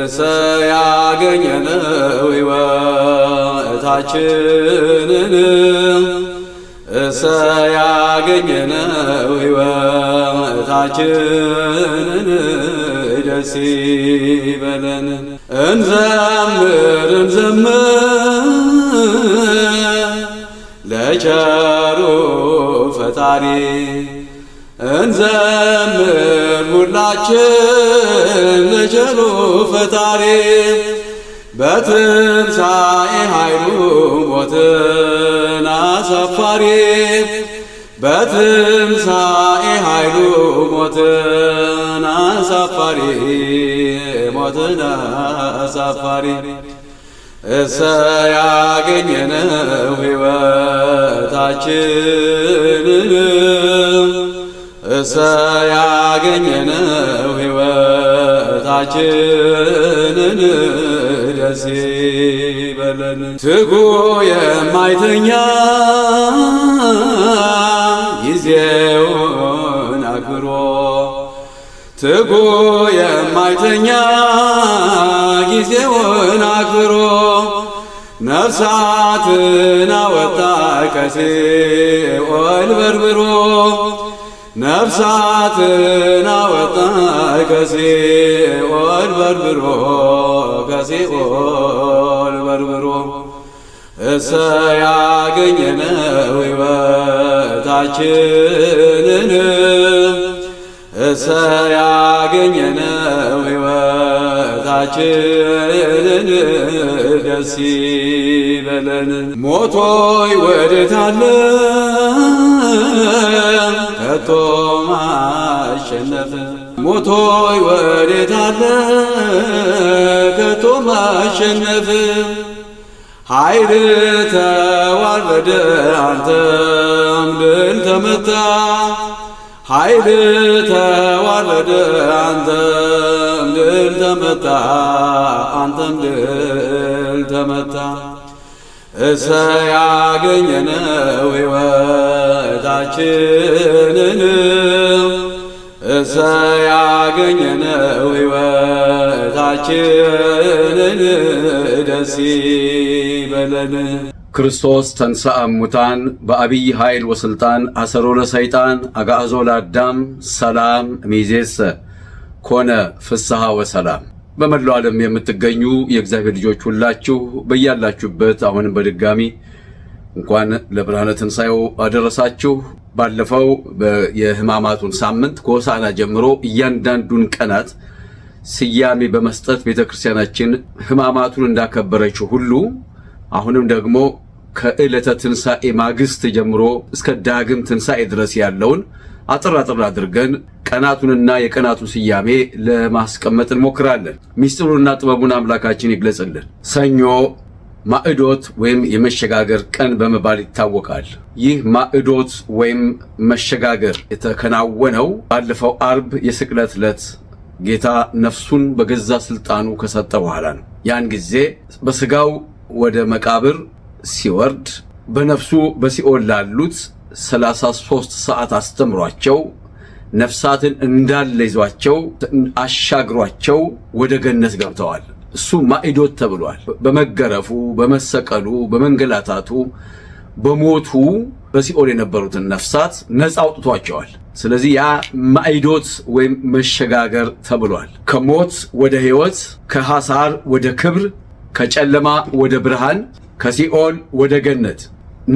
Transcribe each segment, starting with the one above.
እሰያገኘነው ሕይወታችንን እሰያገኘነው ሕይወታችንን ደስ ይበለን እንዘምር እንዘምር ለቸሩ ፈጣሪ እንዘምር ሁላችን ለቸሩ ፈጣሪ በትንሣኤ ኃይሉ ሞትን አሳፋሪ በትንሣኤ ኃይሉ ሞትን አሳፋሪ ሞትን አሳፋሪ እሰ ያገኘነው ሕይወታችንን እሰ ያገኘነው ሕይወታችንን ደስ ይበለን። ትጉ የማይተኛ ጊዜውን አክብሮ ትጉ የማይተኛ ጊዜውን አክብሮ ነፍሳትን አወጣ ከሲኦል በርብሮ ነፍሳትን አወጣ ከሲኦል በርብሮ ከሲኦል በርብሮ እሰ ያገኘነ ውበታችንን እሰ ያገኘነ ሁላችን ደስ ይበለን። ሞቶይ ወዴታለ ከቶ ማሸነፍ ሞቶይ ወዴታለ ከቶ ማሸነፍ ኃይል ተዋረደ አንተም ድል ተመታ ኃይል ተዋረደ አንተም ድል ተመታ አንተም ድል ተመታ እሰ ያገኘነው ሕይወታችንን እሰ ያገኘነው ሕይወታችንን ደስ ይበለን። ክርስቶስ ተንሥአ እሙታን በአብይ ኃይል ወስልጣን አሰሮ ለሰይጣን አጋዕዞ ለአዳም ሰላም ሚዜሰ ኮነ ፍስሐ ወሰላም። በመላው ዓለም የምትገኙ የእግዚአብሔር ልጆች ሁላችሁ በያላችሁበት አሁንም በድጋሚ እንኳን ለብርሃነ ትንሣኤው አደረሳችሁ። ባለፈው የሕማማቱን ሳምንት ከሆሳዕና ጀምሮ እያንዳንዱን ቀናት ስያሜ በመስጠት ቤተ ክርስቲያናችን ሕማማቱን እንዳከበረችው ሁሉ አሁንም ደግሞ ከዕለተ ትንሣኤ ማግስት ጀምሮ እስከ ዳግም ትንሣኤ ድረስ ያለውን አጥር አጥር አድርገን ቀናቱንና የቀናቱን ስያሜ ለማስቀመጥ እንሞክራለን። ሚስጥሩንና ጥበቡን አምላካችን ይግለጽልን። ሰኞ ማዕዶት ወይም የመሸጋገር ቀን በመባል ይታወቃል። ይህ ማዕዶት ወይም መሸጋገር የተከናወነው ባለፈው አርብ የስቅለት ዕለት ጌታ ነፍሱን በገዛ ስልጣኑ ከሰጠ በኋላ ነው። ያን ጊዜ በስጋው ወደ መቃብር ሲወርድ በነፍሱ በሲኦል ላሉት 33 ሰዓት አስተምሯቸው ነፍሳትን እንዳለ ይዟቸው አሻግሯቸው ወደ ገነት ገብተዋል። እሱ ማዕዶት ተብሏል። በመገረፉ፣ በመሰቀሉ፣ በመንገላታቱ፣ በሞቱ በሲኦል የነበሩትን ነፍሳት ነፃ አውጥቷቸዋል። ስለዚህ ያ ማዕዶት ወይም መሸጋገር ተብሏል። ከሞት ወደ ሕይወት፣ ከሐሳር ወደ ክብር፣ ከጨለማ ወደ ብርሃን ከሲኦል ወደ ገነት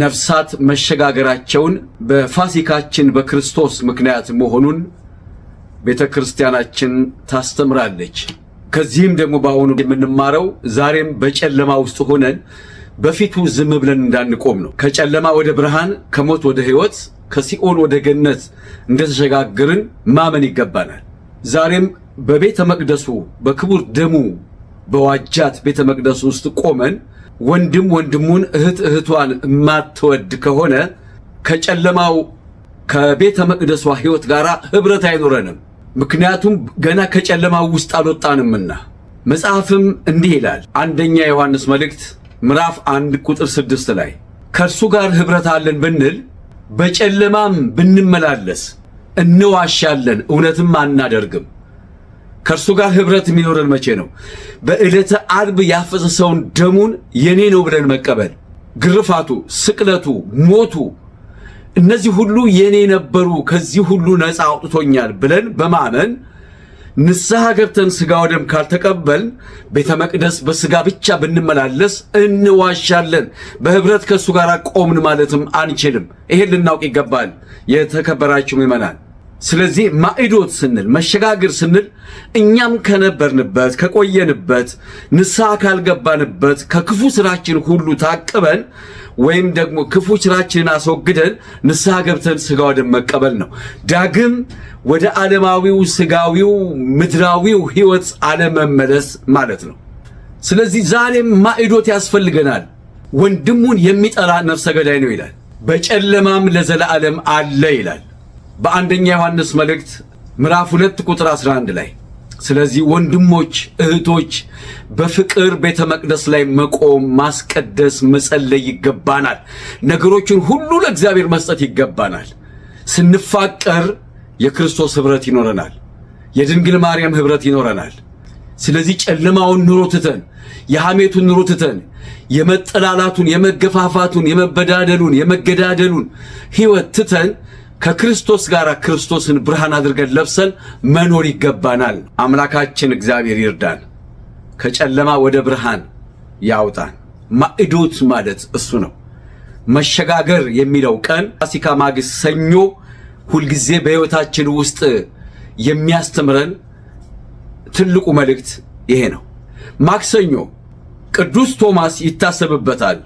ነፍሳት መሸጋገራቸውን በፋሲካችን በክርስቶስ ምክንያት መሆኑን ቤተ ክርስቲያናችን ታስተምራለች። ከዚህም ደግሞ በአሁኑ የምንማረው ዛሬም በጨለማ ውስጥ ሆነን በፊቱ ዝም ብለን እንዳንቆም ነው። ከጨለማ ወደ ብርሃን፣ ከሞት ወደ ሕይወት፣ ከሲኦል ወደ ገነት እንደተሸጋገርን ማመን ይገባናል። ዛሬም በቤተ መቅደሱ በክቡር ደሙ በዋጃት ቤተ መቅደሱ ውስጥ ቆመን ወንድም ወንድሙን እህት እህቷን የማትወድ ከሆነ ከጨለማው ከቤተ መቅደሷ ህይወት ጋር ህብረት አይኖረንም። ምክንያቱም ገና ከጨለማው ውስጥ አልወጣንምና። መጽሐፍም እንዲህ ይላል፣ አንደኛ ዮሐንስ መልእክት ምዕራፍ አንድ ቁጥር ስድስት ላይ ከእርሱ ጋር ኅብረት አለን ብንል በጨለማም ብንመላለስ እንዋሻለን፣ እውነትም አናደርግም። ከእርሱ ጋር ህብረት የሚኖረን መቼ ነው? በዕለተ ያፈሰ ያፈሰሰውን ደሙን የኔ ነው ብለን መቀበል። ግርፋቱ፣ ስቅለቱ፣ ሞቱ እነዚህ ሁሉ የኔ ነበሩ፣ ከዚህ ሁሉ ነፃ አውጥቶኛል ብለን በማመን ንስሐ ገብተን ስጋ ወደም ካልተቀበል ቤተ መቅደስ በስጋ ብቻ ብንመላለስ እንዋሻለን። በህብረት ከእሱ ጋር ቆምን ማለትም አንችልም። ይሄን ልናውቅ ይገባል። የተከበራችሁ ይመናል። ስለዚህ ማዕዶት ስንል መሸጋገር ስንል እኛም ከነበርንበት ከቆየንበት ንስሐ ካልገባንበት ከክፉ ስራችን ሁሉ ታቅበን ወይም ደግሞ ክፉ ስራችንን አስወግደን ንስሐ ገብተን ስጋ ወደም መቀበል ነው። ዳግም ወደ ዓለማዊው ስጋዊው ምድራዊው ህይወት አለመመለስ ማለት ነው። ስለዚህ ዛሬም ማዕዶት ያስፈልገናል። ወንድሙን የሚጠላ ነፍሰ ገዳይ ነው ይላል። በጨለማም ለዘላለም አለ ይላል። በአንደኛ ዮሐንስ መልእክት ምዕራፍ 2 ቁጥር 11 ላይ ስለዚህ ወንድሞች እህቶች፣ በፍቅር ቤተ መቅደስ ላይ መቆም፣ ማስቀደስ፣ መጸለይ ይገባናል። ነገሮችን ሁሉ ለእግዚአብሔር መስጠት ይገባናል። ስንፋቀር የክርስቶስ ኅብረት ይኖረናል። የድንግል ማርያም ኅብረት ይኖረናል። ስለዚህ ጨለማውን ኑሮ ትተን የሐሜቱን ኑሮ ትተን የመጠላላቱን፣ የመገፋፋቱን፣ የመበዳደሉን፣ የመገዳደሉን ሕይወት ትተን ከክርስቶስ ጋር ክርስቶስን ብርሃን አድርገን ለብሰን መኖር ይገባናል። አምላካችን እግዚአብሔር ይርዳን፣ ከጨለማ ወደ ብርሃን ያውጣን። ማዕዶት ማለት እሱ ነው። መሸጋገር የሚለው ቀን ፋሲካ ማግስት ሰኞ ሁልጊዜ በሕይወታችን ውስጥ የሚያስተምረን ትልቁ መልእክት ይሄ ነው። ማክሰኞ ቅዱስ ቶማስ ይታሰብበታል።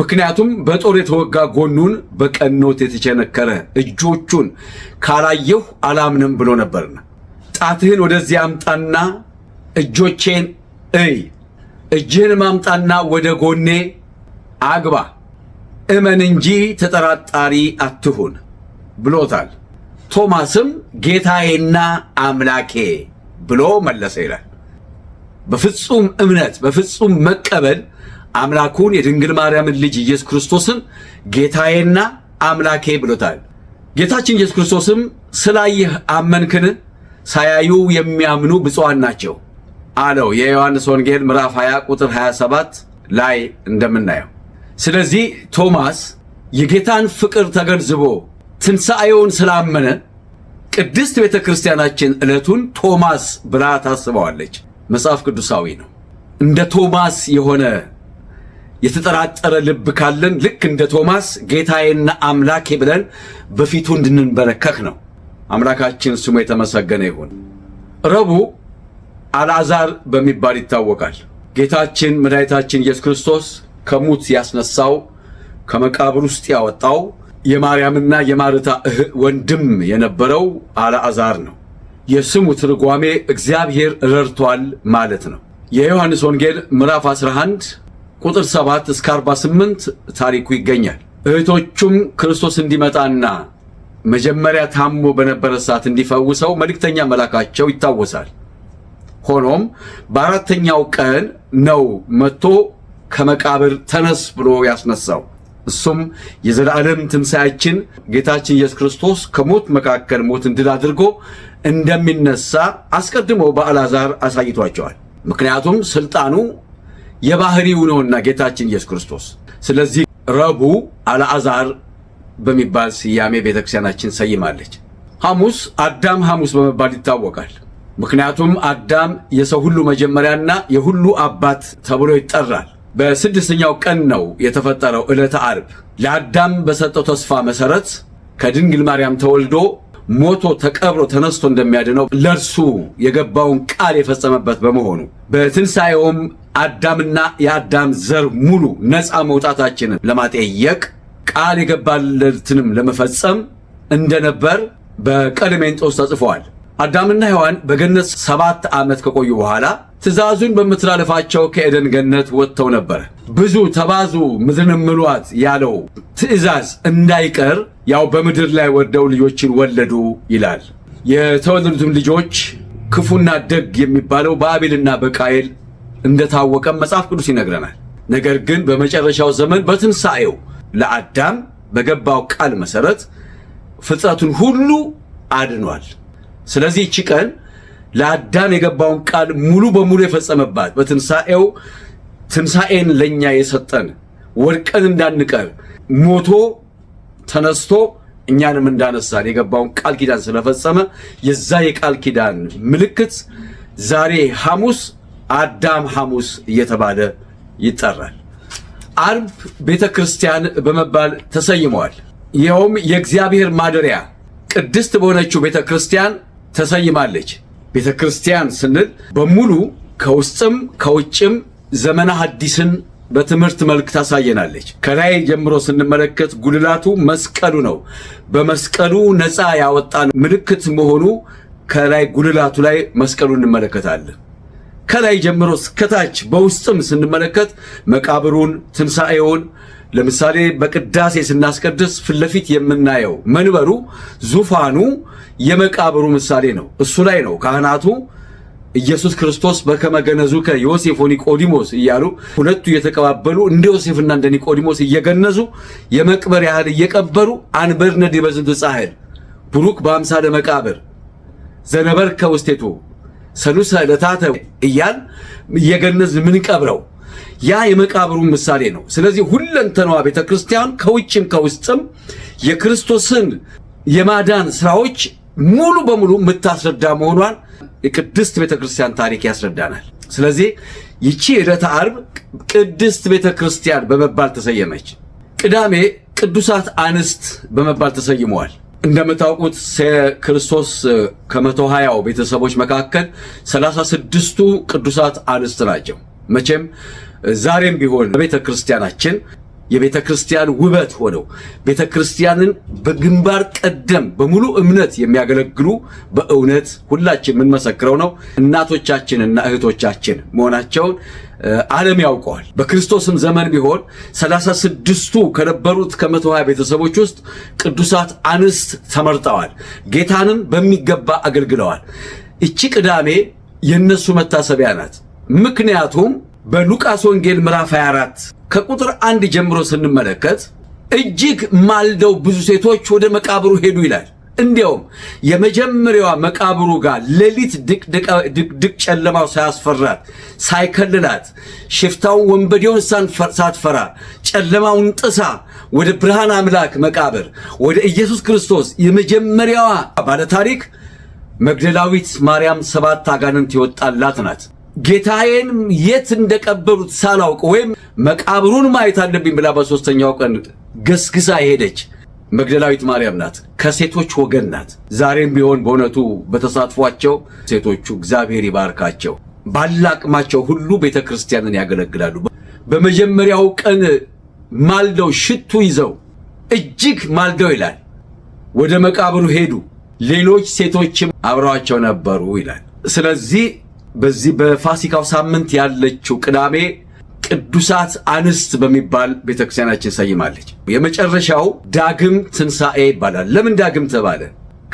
ምክንያቱም በጦር የተወጋ ጎኑን በቀኖት የተቸነከረ እጆቹን ካላየሁ አላምንም ብሎ ነበርና፣ ጣትህን ወደዚህ አምጣና እጆቼን እይ፣ እጅህን ማምጣና ወደ ጎኔ አግባ፣ እመን እንጂ ተጠራጣሪ አትሁን ብሎታል። ቶማስም ጌታዬና አምላኬ ብሎ መለሰ ይላል። በፍጹም እምነት በፍጹም መቀበል አምላኩን የድንግል ማርያምን ልጅ ኢየሱስ ክርስቶስን ጌታዬና አምላኬ ብሎታል። ጌታችን ኢየሱስ ክርስቶስም ስላየህ አመንክን? ሳያዩ የሚያምኑ ብፁዓን ናቸው አለው። የዮሐንስ ወንጌል ምዕራፍ 20 ቁጥር 27 ላይ እንደምናየው። ስለዚህ ቶማስ የጌታን ፍቅር ተገንዝቦ ትንሣኤውን ስላመነ ቅድስት ቤተ ክርስቲያናችን ዕለቱን ቶማስ ብላ ታስበዋለች። መጽሐፍ ቅዱሳዊ ነው። እንደ ቶማስ የሆነ የተጠራጠረ ልብ ካለን ልክ እንደ ቶማስ ጌታዬና አምላኬ ብለን በፊቱ እንድንበረከክ ነው። አምላካችን ስሙ የተመሰገነ ይሁን። ረቡዕ አልዓዛር በሚባል ይታወቃል። ጌታችን መድኃኒታችን ኢየሱስ ክርስቶስ ከሙት ያስነሳው ከመቃብር ውስጥ ያወጣው የማርያምና የማርታ ወንድም የነበረው አልዓዛር ነው። የስሙ ትርጓሜ እግዚአብሔር ረድቷል ማለት ነው። የዮሐንስ ወንጌል ምዕራፍ 11 ቁጥር 7 እስከ 48 ታሪኩ ይገኛል። እህቶቹም ክርስቶስ እንዲመጣና መጀመሪያ ታሞ በነበረ ሰዓት እንዲፈውሰው መልእክተኛ መላካቸው ይታወሳል። ሆኖም በአራተኛው ቀን ነው መጥቶ ከመቃብር ተነስ ብሎ ያስነሳው። እሱም የዘላለም ትንሣያችን ጌታችን ኢየሱስ ክርስቶስ ከሞት መካከል ሞትን ድል አድርጎ እንደሚነሳ አስቀድሞ በአልዓዛር አሳይቷቸዋል። ምክንያቱም ስልጣኑ የባህሪው ነውና ጌታችን ኢየሱስ ክርስቶስ። ስለዚህ ረቡዕ አልዓዛር በሚባል ስያሜ ቤተክርስቲያናችን ሰይማለች። ሐሙስ አዳም ሐሙስ በመባል ይታወቃል። ምክንያቱም አዳም የሰው ሁሉ መጀመሪያና የሁሉ አባት ተብሎ ይጠራል። በስድስተኛው ቀን ነው የተፈጠረው ዕለተ ዓርብ። ለአዳም በሰጠው ተስፋ መሠረት ከድንግል ማርያም ተወልዶ ሞቶ ተቀብሮ ተነስቶ እንደሚያድነው ለእርሱ የገባውን ቃል የፈጸመበት በመሆኑ በትንሣኤውም አዳምና የአዳም ዘር ሙሉ ነፃ መውጣታችንን ለማጠየቅ ቃል የገባለትንም ለመፈጸም እንደነበር በቀሌምንጦስ ተጽፏል። አዳምና ሔዋን በገነት ሰባት ዓመት ከቆዩ በኋላ ትእዛዙን በምትላለፋቸው ከኤደን ገነት ወጥተው ነበር። ብዙ ተባዙ፣ ምድርን ምሏት ያለው ትእዛዝ እንዳይቀር ያው በምድር ላይ ወርደው ልጆችን ወለዱ ይላል። የተወለዱትም ልጆች ክፉና ደግ የሚባለው በአቤልና በቃየል እንደታወቀም መጽሐፍ ቅዱስ ይነግረናል። ነገር ግን በመጨረሻው ዘመን በትንሣኤው ለአዳም በገባው ቃል መሠረት ፍጥረቱን ሁሉ አድኗል። ስለዚህ እቺ ቀን ለአዳም የገባውን ቃል ሙሉ በሙሉ የፈጸመባት በትንሣኤው ትንሣኤን ለእኛ የሰጠን ወድቀን እንዳንቀር ሞቶ ተነስቶ እኛንም እንዳነሳን የገባውን ቃል ኪዳን ስለፈጸመ የዛ የቃል ኪዳን ምልክት ዛሬ ሐሙስ አዳም ሐሙስ እየተባለ ይጠራል። አርብ ቤተ ክርስቲያን በመባል ተሰይመዋል። ይኸውም የእግዚአብሔር ማደሪያ ቅድስት በሆነችው ቤተ ክርስቲያን ተሰይማለች። ቤተ ክርስቲያን ስንል በሙሉ ከውስጥም ከውጭም ዘመነ ሐዲስን በትምህርት መልክ ታሳየናለች። ከላይ ጀምሮ ስንመለከት ጉልላቱ መስቀሉ ነው። በመስቀሉ ነፃ ያወጣን ምልክት መሆኑ ከላይ ጉልላቱ ላይ መስቀሉ እንመለከታለን። ከላይ ጀምሮ እስከታች በውስጥም ስንመለከት መቃብሩን፣ ትንሣኤውን ለምሳሌ በቅዳሴ ስናስቀድስ ፊት ለፊት የምናየው መንበሩ ዙፋኑ የመቃብሩ ምሳሌ ነው። እሱ ላይ ነው ካህናቱ ኢየሱስ ክርስቶስ በከመገነዙ ከዮሴፍ ዮሴፍ ወኒቆዲሞስ እያሉ ሁለቱ እየተቀባበሉ እንደ ዮሴፍና እንደ ኒቆዲሞስ እየገነዙ የመቅበር ያህል እየቀበሩ አንበርነ ዲበ ዝንቱ ጻሕል ቡሩክ በአምሳለ መቃብር ዘነበር ከውስቴቱ ሰሉሰ ለታተ እያል እየገነዝ ምንቀብረው ያ የመቃብሩ ምሳሌ ነው። ስለዚህ ሁለንተናዋ ቤተ ክርስቲያን ከውጭም ከውስጥም የክርስቶስን የማዳን ስራዎች ሙሉ በሙሉ የምታስረዳ መሆኗን የቅድስት ቤተ ክርስቲያን ታሪክ ያስረዳናል። ስለዚህ ይቺ ዕለተ ዓርብ ቅድስት ቤተ ክርስቲያን በመባል ተሰየመች። ቅዳሜ ቅዱሳት አንስት በመባል ተሰይመዋል። እንደምታውቁት ክርስቶስ ከመቶ ሃያው ቤተሰቦች መካከል ሰላሳ ስድስቱ ቅዱሳት አንስት ናቸው። መቼም ዛሬም ቢሆን በቤተ ክርስቲያናችን የቤተ ክርስቲያን ውበት ሆነው ቤተ ክርስቲያንን በግንባር ቀደም በሙሉ እምነት የሚያገለግሉ በእውነት ሁላችን የምንመሰክረው ነው እናቶቻችንና እህቶቻችን መሆናቸውን ዓለም ያውቀዋል። በክርስቶስም ዘመን ቢሆን ሰላሳ ስድስቱ ከነበሩት ከመቶ ሃያ ቤተሰቦች ውስጥ ቅዱሳት አንስት ተመርጠዋል። ጌታንም በሚገባ አገልግለዋል። እቺ ቅዳሜ የእነሱ መታሰቢያ ናት። ምክንያቱም በሉቃስ ወንጌል ምዕራፍ 24 ከቁጥር አንድ ጀምሮ ስንመለከት እጅግ ማልደው ብዙ ሴቶች ወደ መቃብሩ ሄዱ ይላል። እንዲያውም የመጀመሪያዋ መቃብሩ ጋር ሌሊት ድቅድቅ ጨለማው ሳያስፈራት ሳይከልላት ሽፍታውን ወንበዴውን ሳትፈራ ጨለማውን ጥሳ ወደ ብርሃን አምላክ መቃብር ወደ ኢየሱስ ክርስቶስ የመጀመሪያዋ ባለታሪክ መግደላዊት ማርያም ሰባት አጋንንት ይወጣላት ናት። ጌታዬን የት እንደቀበሩት ሳላውቅ ወይም መቃብሩን ማየት አለብኝ ብላ በሶስተኛው ቀን ገስግሳ ሄደች። መግደላዊት ማርያም ናት። ከሴቶች ወገን ናት። ዛሬም ቢሆን በእውነቱ በተሳትፏቸው ሴቶቹ እግዚአብሔር ይባርካቸው። ባላቅማቸው ሁሉ ቤተ ክርስቲያንን ያገለግላሉ። በመጀመሪያው ቀን ማልደው ሽቱ ይዘው እጅግ ማልደው ይላል ወደ መቃብሩ ሄዱ። ሌሎች ሴቶችም አብረዋቸው ነበሩ ይላል። ስለዚህ በዚህ በፋሲካው ሳምንት ያለችው ቅዳሜ ቅዱሳት አንስት በሚባል ቤተክርስቲያናችን ሰይማለች። የመጨረሻው ዳግም ትንሣኤ ይባላል። ለምን ዳግም ተባለ?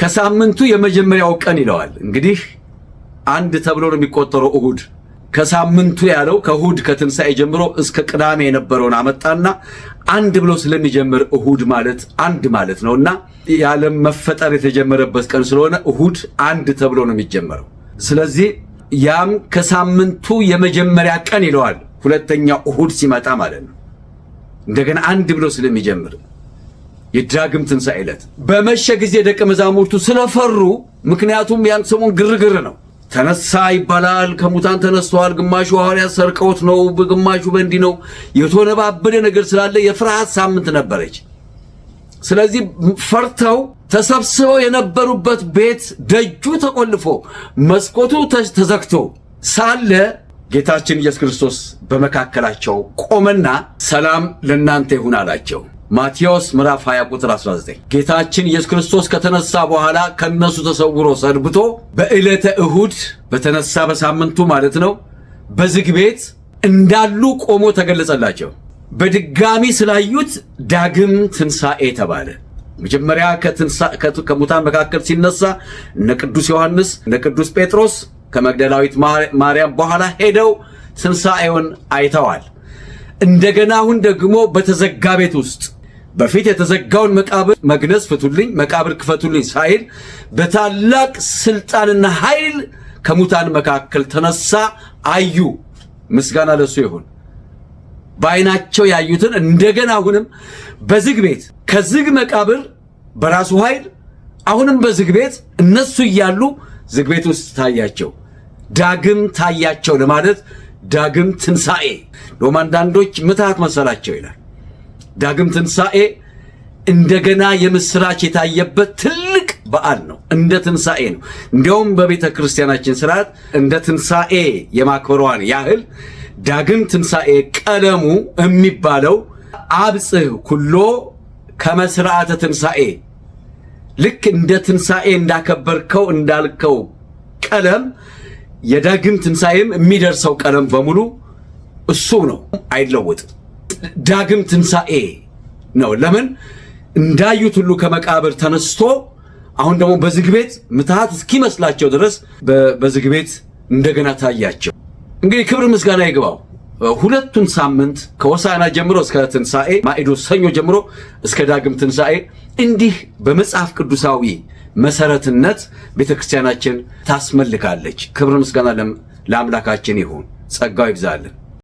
ከሳምንቱ የመጀመሪያው ቀን ይለዋል። እንግዲህ አንድ ተብሎ ነው የሚቆጠረው እሁድ ከሳምንቱ ያለው ከእሁድ ከትንሣኤ ጀምሮ እስከ ቅዳሜ የነበረውን አመጣና አንድ ብሎ ስለሚጀምር እሁድ ማለት አንድ ማለት ነው እና የዓለም መፈጠር የተጀመረበት ቀን ስለሆነ እሁድ አንድ ተብሎ ነው የሚጀመረው። ስለዚህ ያም ከሳምንቱ የመጀመሪያ ቀን ይለዋል። ሁለተኛው እሁድ ሲመጣ ማለት ነው። እንደገና አንድ ብሎ ስለሚጀምር የዳግም ትንሣኤ ዕለት በመሸ ጊዜ ደቀ መዛሙርቱ ስለፈሩ፣ ምክንያቱም ያን ሰሞን ግርግር ነው። ተነሳ ይባላል፣ ከሙታን ተነስተዋል፣ ግማሹ ሐዋርያት ሰርቀውት ነው፣ ግማሹ በእንዲህ ነው። የተወነባበደ ነገር ስላለ የፍርሃት ሳምንት ነበረች። ስለዚህ ፈርተው ተሰብስበው የነበሩበት ቤት ደጁ ተቆልፎ መስኮቱ ተዘግቶ ሳለ ጌታችን ኢየሱስ ክርስቶስ በመካከላቸው ቆመና ሰላም ለእናንተ ይሁን አላቸው። ማቴዎስ ምዕራፍ 20 ቁጥር 19 ጌታችን ኢየሱስ ክርስቶስ ከተነሳ በኋላ ከነሱ ተሰውሮ ሰንብቶ በዕለተ እሁድ በተነሳ በሳምንቱ ማለት ነው በዝግ ቤት እንዳሉ ቆሞ ተገለጸላቸው። በድጋሚ ስላዩት ዳግም ትንሣኤ ተባለ። መጀመሪያ ከሙታን መካከል ሲነሳ እነ ቅዱስ ዮሐንስ እነ ቅዱስ ጴጥሮስ ከመግደላዊት ማርያም በኋላ ሄደው ትንሣኤውን አይተዋል። እንደገና አሁን ደግሞ በተዘጋ ቤት ውስጥ በፊት የተዘጋውን መቃብር መግነዝ ፍቱልኝ፣ መቃብር ክፈቱልኝ ሳይል በታላቅ ስልጣንና ኃይል ከሙታን መካከል ተነሳ። አዩ። ምስጋና ለሱ ይሁን። በአይናቸው ያዩትን እንደገና አሁንም በዝግ ቤት ከዝግ መቃብር በራሱ ኃይል አሁንም በዝግ ቤት እነሱ እያሉ ዝግ ቤት ውስጥ ታያቸው፣ ዳግም ታያቸው ለማለት ዳግም ትንሣኤ ሎም አንዳንዶች ምትሃት መሰላቸው ይላል። ዳግም ትንሣኤ እንደገና የምስራች የታየበት ትልቅ በዓል ነው። እንደ ትንሣኤ ነው። እንዲያውም በቤተ ክርስቲያናችን ስርዓት እንደ ትንሣኤ የማክበሯን ያህል ዳግም ትንሣኤ ቀለሙ የሚባለው አብጽህ ኩሎ ከመስርዓተ ትንሣኤ ልክ እንደ ትንሣኤ እንዳከበርከው እንዳልከው ቀለም የዳግም ትንሣኤም የሚደርሰው ቀለም በሙሉ እሱ ነው፣ አይለወጥም። ዳግም ትንሣኤ ነው። ለምን እንዳዩት ሁሉ ከመቃብር ተነስቶ አሁን ደግሞ በዝግ ቤት ምትሃት እስኪመስላቸው ድረስ በዝግ ቤት እንደገና ታያቸው። እንግዲህ ክብር ምስጋና ይግባው። ሁለቱን ሳምንት ከሆሳዕና ጀምሮ እስከ ትንሣኤ ማዕዶ ሰኞ ጀምሮ እስከ ዳግም ትንሣኤ እንዲህ በመጽሐፍ ቅዱሳዊ መሰረትነት ቤተ ክርስቲያናችን ታስመልካለች። ክብር ምስጋና ለአምላካችን ይሁን፣ ጸጋው ይብዛልን።